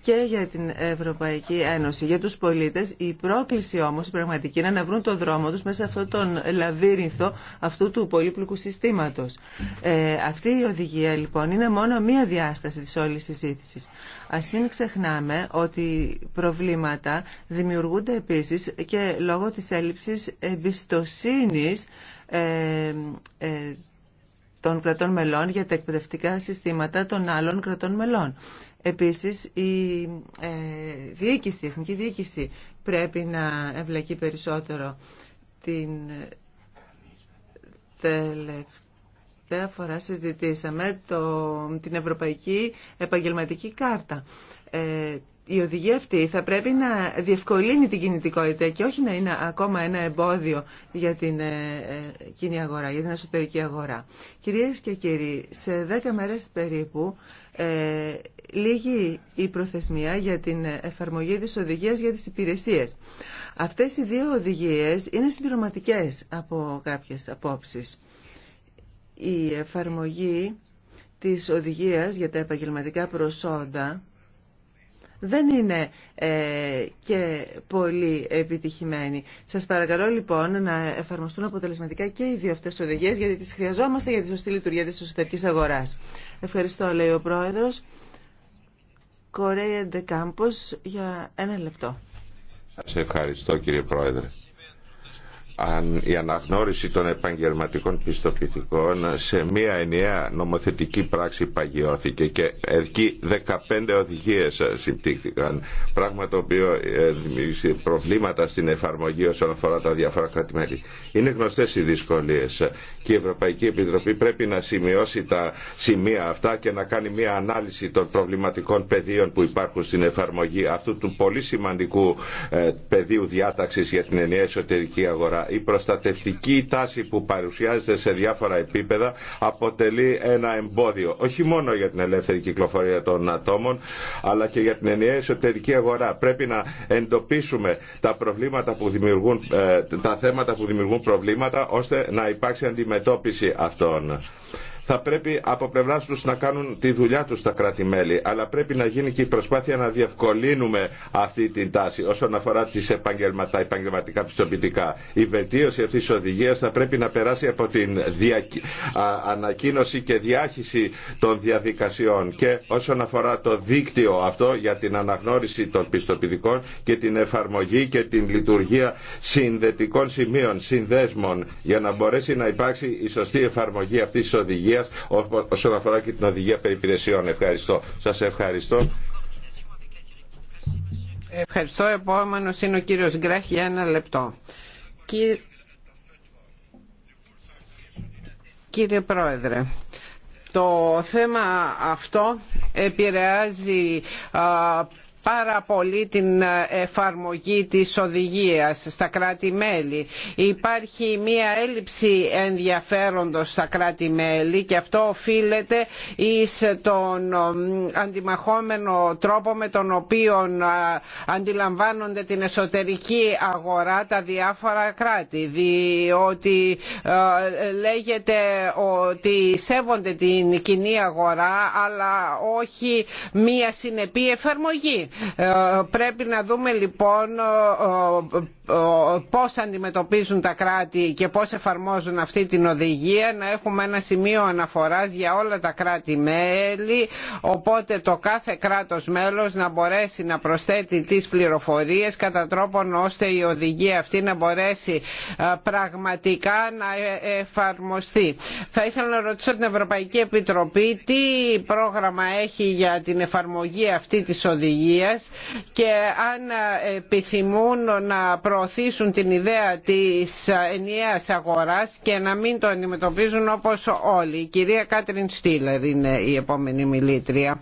και για την Ευρωπαϊκή Ένωση, για τους πολίτες. Η πρόκληση όμως πραγματική είναι να βρουν τον δρόμο τους μέσα σε αυτόν τον λαβύρινθο αυτού του πολύπλοκου συστήματος. Ε, αυτή η οδηγία λοιπόν είναι μόνο μία διάσταση της όλης συζήτηση. Ας μην ξεχνάμε ότι προβλήματα δημιουργούνται επίσης και λόγω της έλλειψης εμπιστοσύνης ε, ε, των κρατών μελών για τα εκπαιδευτικά συστήματα των άλλων κρατών μελών. Επίσης, η ε, διοίκηση, η εθνική διοίκηση πρέπει να ευλακεί περισσότερο την τελευταία φορά συζητήσαμε το, την Ευρωπαϊκή Επαγγελματική Κάρτα η οδηγία αυτή θα πρέπει να διευκολύνει την κινητικότητα και όχι να είναι ακόμα ένα εμπόδιο για την ε, ε, κοινή αγορά, για την εσωτερική αγορά. Κυρίες και κύριοι, σε δέκα μέρες περίπου ε, η προθεσμία για την εφαρμογή της οδηγίας για τις υπηρεσίες. Αυτές οι δύο οδηγίες είναι συμπληρωματικές από κάποιες απόψεις. Η εφαρμογή της οδηγίας για τα επαγγελματικά προσόντα δεν είναι ε, και πολύ επιτυχημένοι. Σας παρακαλώ λοιπόν να εφαρμοστούν αποτελεσματικά και οι δύο αυτές οδηγίες γιατί τις χρειαζόμαστε για τη σωστή λειτουργία της εσωτερικής αγοράς. Ευχαριστώ λέει ο Πρόεδρος. Κορέιεντε Ντεκάμπος για ένα λεπτό. Σας ευχαριστώ κύριε Πρόεδρε αν η αναγνώριση των επαγγελματικών πιστοποιητικών σε μία ενιαία νομοθετική πράξη παγιώθηκε και εκεί 15 οδηγίες συμπτύχθηκαν πράγμα το οποίο ε, δημιουργήσε προβλήματα στην εφαρμογή όσον αφορά τα διάφορα κρατημέλη. Είναι γνωστές οι δυσκολίες και η Ευρωπαϊκή Επιτροπή πρέπει να σημειώσει τα σημεία αυτά και να κάνει μία ανάλυση των προβληματικών πεδίων που υπάρχουν στην εφαρμογή αυτού του πολύ σημαντικού ε, πεδίου διάταξη για την ενιαία εσωτερική αγορά η προστατευτική τάση που παρουσιάζεται σε διάφορα επίπεδα αποτελεί ένα εμπόδιο όχι μόνο για την ελεύθερη κυκλοφορία των ατόμων αλλά και για την ενιαία εσωτερική αγορά. Πρέπει να εντοπίσουμε τα προβλήματα που δημιουργούν, ε, τα θέματα που δημιουργούν προβλήματα ώστε να υπάρξει αντιμετώπιση αυτών θα πρέπει από πλευρά του να κάνουν τη δουλειά του τα κράτη-μέλη. Αλλά πρέπει να γίνει και η προσπάθεια να διευκολύνουμε αυτή την τάση όσον αφορά τις επαγγελμα... τα επαγγελματικά πιστοποιητικά. Η βελτίωση αυτή τη οδηγία θα πρέπει να περάσει από την δια... ανακοίνωση και διάχυση των διαδικασιών και όσον αφορά το δίκτυο αυτό για την αναγνώριση των πιστοποιητικών και την εφαρμογή και την λειτουργία συνδετικών σημείων, συνδέσμων για να μπορέσει να υπάρξει η σωστή εφαρμογή αυτής τη οδηγία όσον αφορά και την οδηγία περιπηρεσιών. Ευχαριστώ. Σας ευχαριστώ. Ευχαριστώ. επόμενο είναι ο κύριος Γκρέχ για ένα λεπτό. Κύριε, Κύριε Πρόεδρε, το θέμα αυτό επηρεάζει πάρα πολύ την ε, εφαρμογή της οδηγίας στα κράτη-μέλη. Υπάρχει μία έλλειψη ενδιαφέροντος στα κράτη-μέλη και αυτό οφείλεται εις τον ε, αντιμαχόμενο τρόπο με τον οποίο ε, αντιλαμβάνονται την εσωτερική αγορά τα διάφορα κράτη διότι λέγεται ότι σέβονται την κοινή αγορά αλλά όχι μία συνεπή εφαρμογή ε, πρέπει να δούμε λοιπόν πώς αντιμετωπίζουν τα κράτη και πώς εφαρμόζουν αυτή την οδηγία να έχουμε ένα σημείο αναφοράς για όλα τα κράτη-μέλη οπότε το κάθε κράτος μέλος να μπορέσει να προσθέτει τις πληροφορίες κατά τρόπον ώστε η οδηγία αυτή να μπορέσει ε, πραγματικά να ε, εφαρμοστεί. Θα ήθελα να ρωτήσω την Ευρωπαϊκή Επιτροπή τι πρόγραμμα έχει για την εφαρμογή αυτή της οδηγίας και αν επιθυμούν να προωθήσουν την ιδέα της ενιαίας αγοράς και να μην το αντιμετωπίζουν όπως όλοι. Η κυρία Κάτριν Στίλερ είναι η επόμενη μιλήτρια.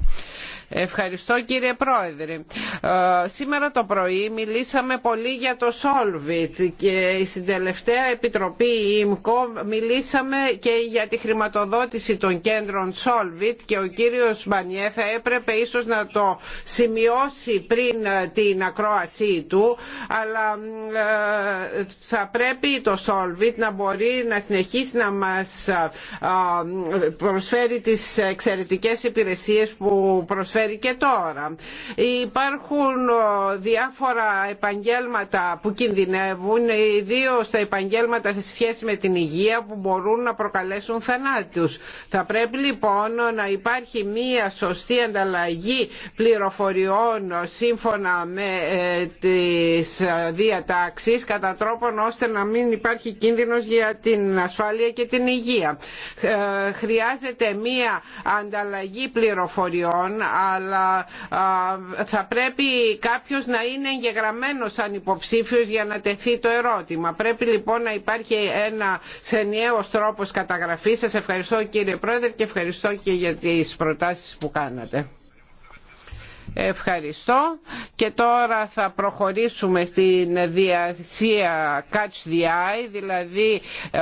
Ευχαριστώ κύριε Πρόεδρε. Ε, σήμερα το πρωί μιλήσαμε πολύ για το Solvit και στην τελευταία επιτροπή ΙΜΚΟ μιλήσαμε και για τη χρηματοδότηση των κέντρων Solvit και ο κύριος Μπανιέ θα έπρεπε ίσως να το σημειώσει πριν ε, την ακρόασή του αλλά ε, θα πρέπει το Solvit να μπορεί να συνεχίσει να μας προσφέρει τις εξαιρετικές υπηρεσίες που προσφέρει και τώρα. Υπάρχουν ε, διάφορα επαγγέλματα που κινδυνεύουν, ιδίω τα επαγγέλματα σε σχέση με την υγεία που μπορούν να προκαλέσουν θανάτους. Θα πρέπει λοιπόν να υπάρχει μία σωστή ανταλλαγή πληροφοριών σύμφωνα με ε, τις ε, διατάξεις κατά τρόπον ώστε να μην υπάρχει κίνδυνος για την ασφάλεια και την υγεία. Χρειάζεται μία ανταλλαγή πληροφοριών αλλά θα πρέπει κάποιος να είναι εγγεγραμμένος σαν υποψήφιος για να τεθεί το ερώτημα. Πρέπει λοιπόν να υπάρχει ένα ενιαίος τρόπος καταγραφής. Σας ευχαριστώ κύριε Πρόεδρε και ευχαριστώ και για τις προτάσεις που κάνατε. Ευχαριστώ και τώρα θα προχωρήσουμε στην διασία catch the eye, δηλαδή ε,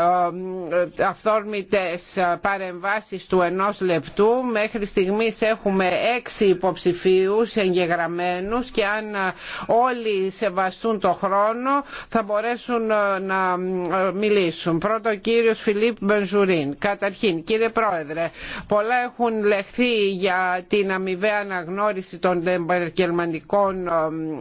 ε, αυθόρμητες παρεμβάσεις του ενός λεπτού. Μέχρι στιγμής έχουμε έξι υποψηφίους εγγεγραμμένους και αν ε, όλοι σεβαστούν το χρόνο θα μπορέσουν να μιλήσουν. Πρώτο ο κύριος Φιλίπ Μπενζουρίν. Καταρχήν, κύριε Πρόεδρε, πολλά έχουν λεχθεί για την αμοιβαία αναγνώριση των των επαγγελματικών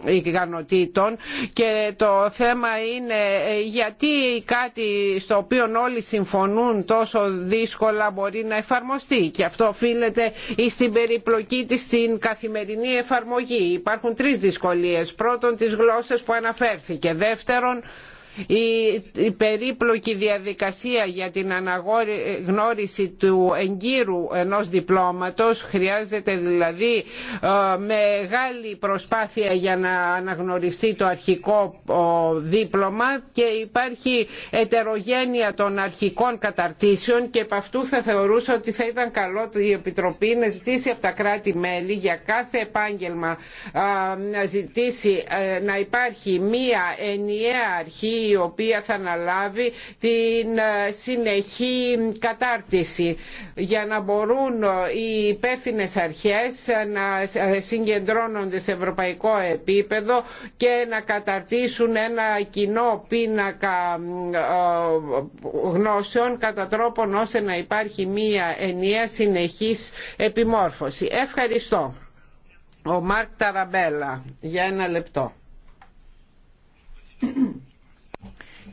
ε, ικανοτήτων και το θέμα είναι ε, γιατί κάτι στο οποίο όλοι συμφωνούν τόσο δύσκολα μπορεί να εφαρμοστεί και αυτό οφείλεται στην περιπλοκή της στην καθημερινή εφαρμογή. Υπάρχουν τρεις δυσκολίες. Πρώτον τις γλώσσες που αναφέρθηκε. Δεύτερον η περίπλοκη διαδικασία για την αναγνώριση του εγκύρου ενός διπλώματος χρειάζεται δηλαδή ε, μεγάλη προσπάθεια για να αναγνωριστεί το αρχικό δίπλωμα και υπάρχει ετερογένεια των αρχικών καταρτήσεων και επ' αυτού θα θεωρούσα ότι θα ήταν καλό η Επιτροπή να ζητήσει από τα κράτη-μέλη για κάθε επάγγελμα ε, να ζητήσει ε, να υπάρχει μία ενιαία αρχή η οποία θα αναλάβει την ε, συνεχή κατάρτιση για να μπορούν οι υπεύθυνε αρχές να ε, συγκεντρώνονται σε ευρωπαϊκό επίπεδο και να καταρτήσουν ένα κοινό πίνακα ε, γνώσεων κατά τρόπον ώστε να υπάρχει μία ενιαία συνεχής επιμόρφωση. Ευχαριστώ. Ο Μάρκ Ταραμπέλα για ένα λεπτό. <coughs>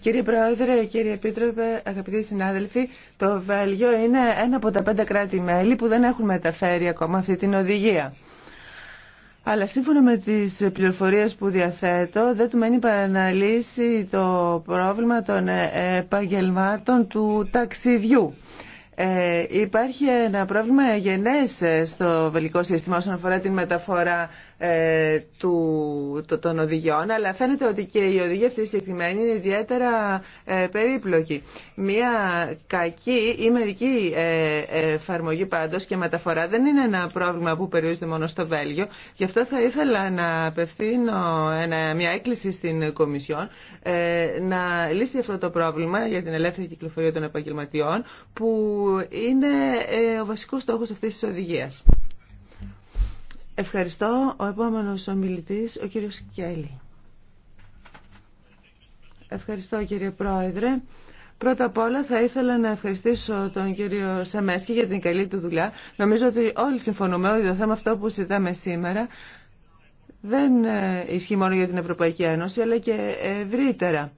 Κύριε Πρόεδρε, κύριε Επίτροπε, αγαπητοί συνάδελφοι, το Βέλγιο είναι ένα από τα πέντε κράτη-μέλη που δεν έχουν μεταφέρει ακόμα αυτή την οδηγία. Αλλά σύμφωνα με τις πληροφορίες που διαθέτω, δεν του μένει παρά να λύσει το πρόβλημα των επαγγελμάτων του ταξιδιού. Ε, υπάρχει ένα πρόβλημα γενές στο βελικό σύστημα όσον αφορά την μεταφορά ε, του, των οδηγιών, αλλά φαίνεται ότι και η οδηγία αυτή συγκεκριμένη είναι ιδιαίτερα ε, περίπλοκη. Μία κακή ή μερική ε, εφαρμογή πάντως και μεταφορά δεν είναι ένα πρόβλημα που περιορίζεται μόνο στο Βέλγιο. Γι' αυτό θα ήθελα να απευθύνω μια έκκληση στην Κομισιόν να λύσει αυτό το πρόβλημα για την ελεύθερη κυκλοφορία των επαγγελματιών που είναι ο βασικός στόχος αυτής της οδηγίας. Ευχαριστώ. Ο επόμενος ομιλητής, ο κύριος Κέλλη. Ευχαριστώ κύριε Πρόεδρε. Πρώτα απ' όλα θα ήθελα να ευχαριστήσω τον κύριο Σαμέσκη για την καλή του δουλειά. Νομίζω ότι όλοι συμφωνούμε ότι το θέμα αυτό που συζητάμε σήμερα δεν ε, ισχύει μόνο για την Ευρωπαϊκή Ένωση αλλά και ευρύτερα.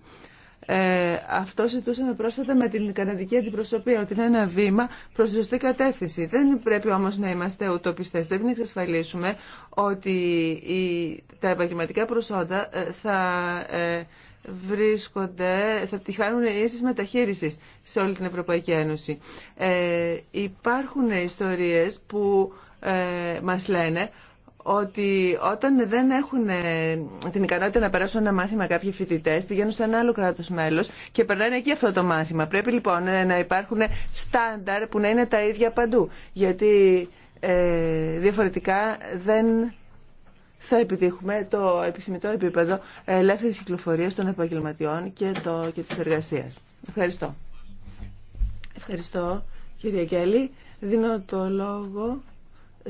Ε, αυτό ζητούσαμε πρόσφατα με την καναδική αντιπροσωπεία, ότι είναι ένα βήμα προ τη σωστή κατεύθυνση. Δεν πρέπει όμω να είμαστε ουτοπιστέ. Πρέπει να εξασφαλίσουμε ότι η τα επαγγελματικά προσόντα ε, θα ε, βρίσκονται, θα τη χάνουν μεταχείρισης σε όλη την Ευρωπαϊκή Ένωση. Ε, υπάρχουν ιστορίες που ε, μας λένε ότι όταν δεν έχουν ε, την ικανότητα να περάσουν ένα μάθημα κάποιοι φοιτητέ, πηγαίνουν σε ένα άλλο κράτο μέλο και περνάνε εκεί αυτό το μάθημα. Πρέπει λοιπόν ε, να υπάρχουν στάνταρ που να είναι τα ίδια παντού. Γιατί ε, διαφορετικά δεν θα επιτύχουμε το επιθυμητό επίπεδο ελεύθερη κυκλοφορία των επαγγελματιών και, και τη εργασία. Ευχαριστώ. Ευχαριστώ, κύριε Κέλλη. Δίνω το λόγο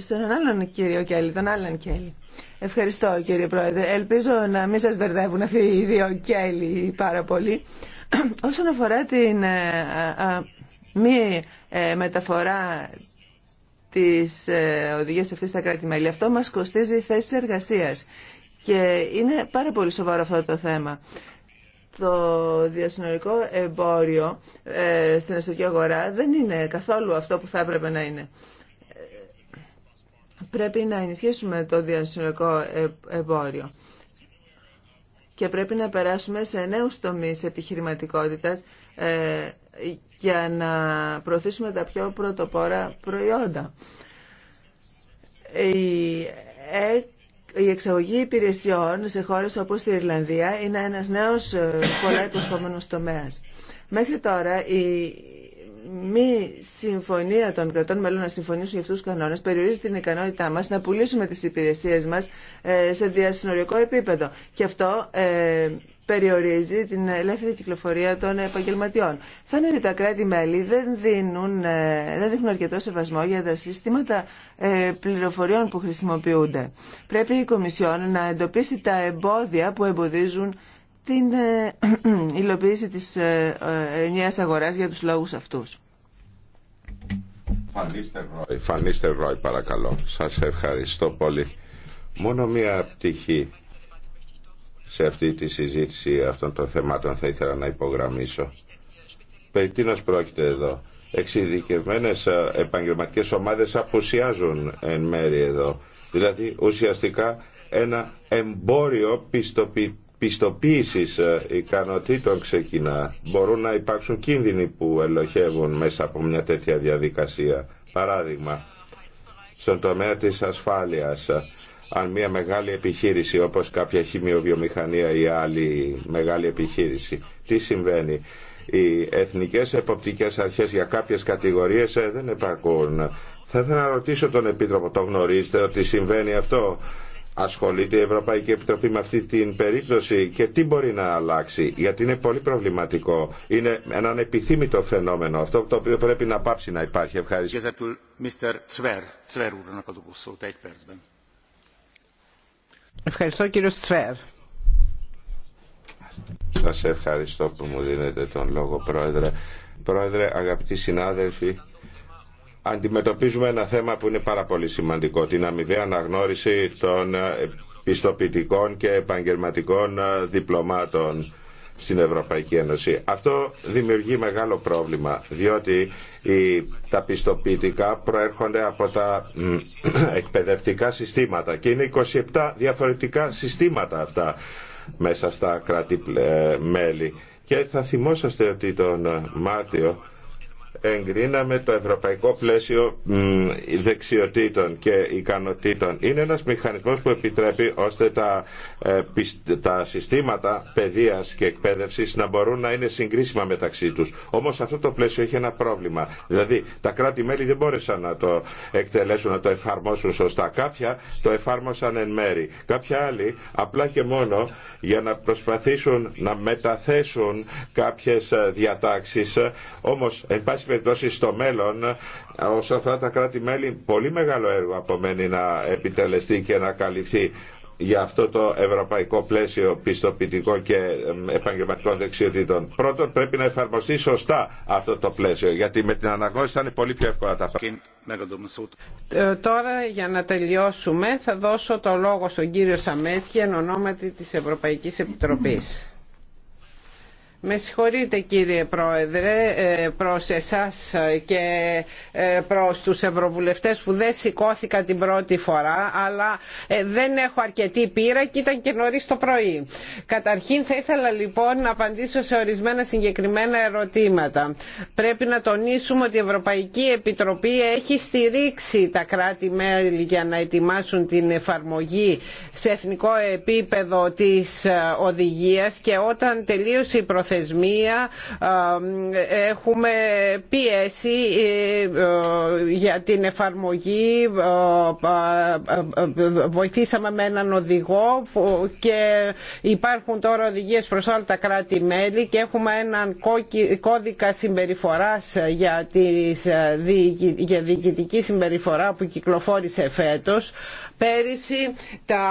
σε έναν άλλον κύριο Κέλλη, τον άλλον Κέλλη. Ευχαριστώ κύριε Πρόεδρε. Ελπίζω να μην σας μπερδεύουν αυτοί οι δύο Κέλλη πάρα πολύ. <clears throat> Όσον αφορά την ε, ε, ε, μη μεταφορά της οδηγίας αυτής στα κράτη-μέλη, αυτό μας κοστίζει θέσεις εργασίας. Και είναι πάρα πολύ σοβαρό αυτό το θέμα. Το διασυνορικό εμπόριο στην εσωτερική αγορά δεν είναι καθόλου αυτό που θα έπρεπε να είναι πρέπει να ενισχύσουμε το διασυνολικό ε, εμπόριο και πρέπει να περάσουμε σε νέους τομείς επιχειρηματικότητας ε, για να προωθήσουμε τα πιο πρωτοπόρα προϊόντα. Η εξαγωγή υπηρεσιών σε χώρες όπως η Ιρλανδία είναι ένας νέος ε, πολλά υποσχόμενος τομέας. Μέχρι τώρα η μη συμφωνία των κρατών μελών να συμφωνήσουν για αυτού του κανόνε περιορίζει την ικανότητά μα να πουλήσουμε τι υπηρεσίε μα ε, σε διασυνοριακό επίπεδο. Και αυτό ε, περιορίζει την ελεύθερη κυκλοφορία των επαγγελματιών. Φαίνεται ότι τα κράτη-μέλη δεν, δίνουν, ε, δεν δείχνουν αρκετό σεβασμό για τα συστήματα πληροφοριών που χρησιμοποιούνται. Πρέπει η Κομισιόν να εντοπίσει τα εμπόδια που εμποδίζουν την ε, <clears throat> υλοποίηση της ε, ε, νέας αγοράς για τους λόγους αυτούς. Φανίστε Ρόι, παρακαλώ. Σας ευχαριστώ πολύ. Μόνο μία πτυχή σε αυτή τη συζήτηση αυτών των θεμάτων θα ήθελα να υπογραμμίσω. Περί τι πρόκειται εδώ. Εξειδικευμένες επαγγελματικές ομάδες απουσιάζουν εν μέρη εδώ. Δηλαδή ουσιαστικά ένα εμπόριο πιστοποιητικό πιστοποίησης ε, ικανοτήτων ξεκινά. Μπορούν να υπάρξουν κίνδυνοι που ελοχεύουν μέσα από μια τέτοια διαδικασία. Παράδειγμα, στον τομέα της ασφάλειας, ε, αν μια μεγάλη επιχείρηση όπως κάποια χημιοβιομηχανία ή άλλη μεγάλη επιχείρηση, τι συμβαίνει. Οι εθνικές εποπτικές αρχές για κάποιες κατηγορίες ε, δεν επαρκούν. Θα ήθελα να ρωτήσω τον Επίτροπο, το γνωρίζετε ότι συμβαίνει αυτό ασχολείται η Ευρωπαϊκή Επιτροπή με αυτή την περίπτωση και τι μπορεί να αλλάξει. Γιατί είναι πολύ προβληματικό. Είναι ένα επιθύμητο φαινόμενο αυτό το οποίο πρέπει να πάψει να υπάρχει. Ευχαριστώ. Ευχαριστώ κύριο Τσφέρ. Σας ευχαριστώ που μου δίνετε τον λόγο πρόεδρε. Πρόεδρε, αγαπητοί συνάδελφοι, αντιμετωπίζουμε ένα θέμα που είναι πάρα πολύ σημαντικό, την αμοιβαία αναγνώριση των πιστοποιητικών και επαγγελματικών διπλωμάτων στην Ευρωπαϊκή Ένωση. Αυτό δημιουργεί μεγάλο πρόβλημα, διότι τα πιστοποιητικά προέρχονται από τα <clears throat> εκπαιδευτικά συστήματα και είναι 27 διαφορετικά συστήματα αυτά μέσα στα κράτη-μέλη. Ε, και θα θυμόσαστε ότι τον Μάρτιο εγκρίναμε το ευρωπαϊκό πλαίσιο δεξιοτήτων και ικανοτήτων. Είναι ένας μηχανισμός που επιτρέπει ώστε τα, ε, τα συστήματα παιδείας και εκπαίδευσης να μπορούν να είναι συγκρίσιμα μεταξύ τους. Όμως αυτό το πλαίσιο έχει ένα πρόβλημα. Δηλαδή τα κράτη-μέλη δεν μπόρεσαν να το εκτελέσουν, να το εφαρμόσουν σωστά. Κάποια το εφάρμοσαν εν μέρη. Κάποια άλλοι απλά και μόνο για να προσπαθήσουν να μεταθέσουν κάποιες ε, διατάξεις. Όμως, περιπτώσει στο μέλλον όσον αφορά τα κράτη-μέλη πολύ μεγάλο έργο απομένει να επιτελεστεί και να καλυφθεί για αυτό το ευρωπαϊκό πλαίσιο πιστοποιητικό και επαγγελματικών δεξιοτήτων. Πρώτον, πρέπει να εφαρμοστεί σωστά αυτό το πλαίσιο, γιατί με την αναγνώριση θα είναι πολύ πιο εύκολα τα πράγματα. Ε, τώρα, για να τελειώσουμε, θα δώσω το λόγο στον κύριο Σαμέσκη εν ονόματι της Ευρωπαϊκής Επιτροπής. Με συγχωρείτε κύριε Πρόεδρε ε, προς εσάς και ε, προς τους ευρωβουλευτές που δεν σηκώθηκα την πρώτη φορά αλλά ε, δεν έχω αρκετή πείρα και ήταν και νωρίς το πρωί. Καταρχήν θα ήθελα λοιπόν να απαντήσω σε ορισμένα συγκεκριμένα ερωτήματα. Πρέπει να τονίσουμε ότι η Ευρωπαϊκή Επιτροπή έχει στηρίξει τα κράτη-μέλη για να ετοιμάσουν την εφαρμογή σε εθνικό επίπεδο της οδηγίας και όταν τελείωσε η έχουμε πίεση ε, ε, για την εφαρμογή ε, βοηθήσαμε με έναν οδηγό και υπάρχουν τώρα οδηγίες προς όλα τα κράτη-μέλη και έχουμε έναν κώδικα συμπεριφοράς για, τις, για διοικητική συμπεριφορά που κυκλοφόρησε φέτος Πέρυσι τα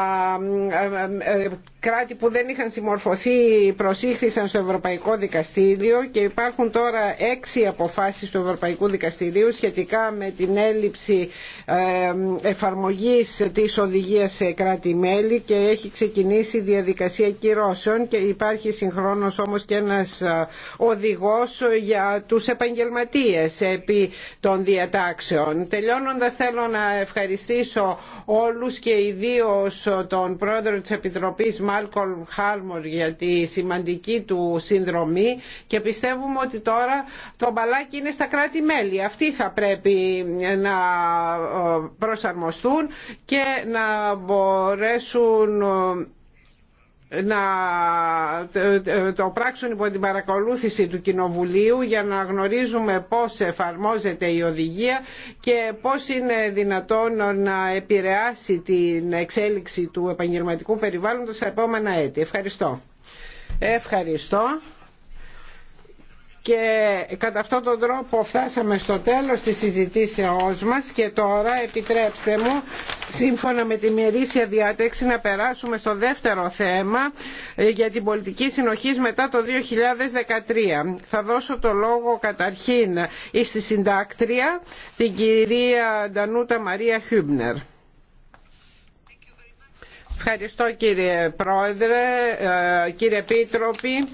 ε, ε, κράτη που δεν είχαν συμμορφωθεί προσήχθησαν στο Ευρωπαϊκό Δικαστήριο και υπάρχουν τώρα έξι αποφάσεις του Ευρωπαϊκού Δικαστηρίου σχετικά με την έλλειψη ε, εφαρμογής της οδηγίας σε κράτη-μέλη και έχει ξεκινήσει διαδικασία κυρώσεων και υπάρχει συγχρόνως όμως και ένας οδηγός για τους επαγγελματίες επί των διατάξεων. Τελειώνοντας θέλω να ευχαριστήσω όλους όλους και ιδίως τον πρόεδρο της Επιτροπής Μάλκολμ Χάλμορ για τη σημαντική του συνδρομή και πιστεύουμε ότι τώρα το μπαλάκι είναι στα κράτη-μέλη. Αυτοί θα πρέπει να ε, προσαρμοστούν και να μπορέσουν ε, να το πράξουν υπό την παρακολούθηση του Κοινοβουλίου για να γνωρίζουμε πώς εφαρμόζεται η οδηγία και πώς είναι δυνατόν να επηρεάσει την εξέλιξη του επαγγελματικού περιβάλλοντος στα επόμενα έτη. Ευχαριστώ. Ευχαριστώ και κατά αυτόν τον τρόπο φτάσαμε στο τέλος της συζητήσεώς μας και τώρα επιτρέψτε μου σύμφωνα με τη μερίσια διάταξη να περάσουμε στο δεύτερο θέμα ε, για την πολιτική συνοχή μετά το 2013. Θα δώσω το λόγο καταρχήν στη συντάκτρια την κυρία Ντανούτα Μαρία Χιούμπνερ. Ευχαριστώ κύριε Πρόεδρε, ε, κύριε Πίτροπη.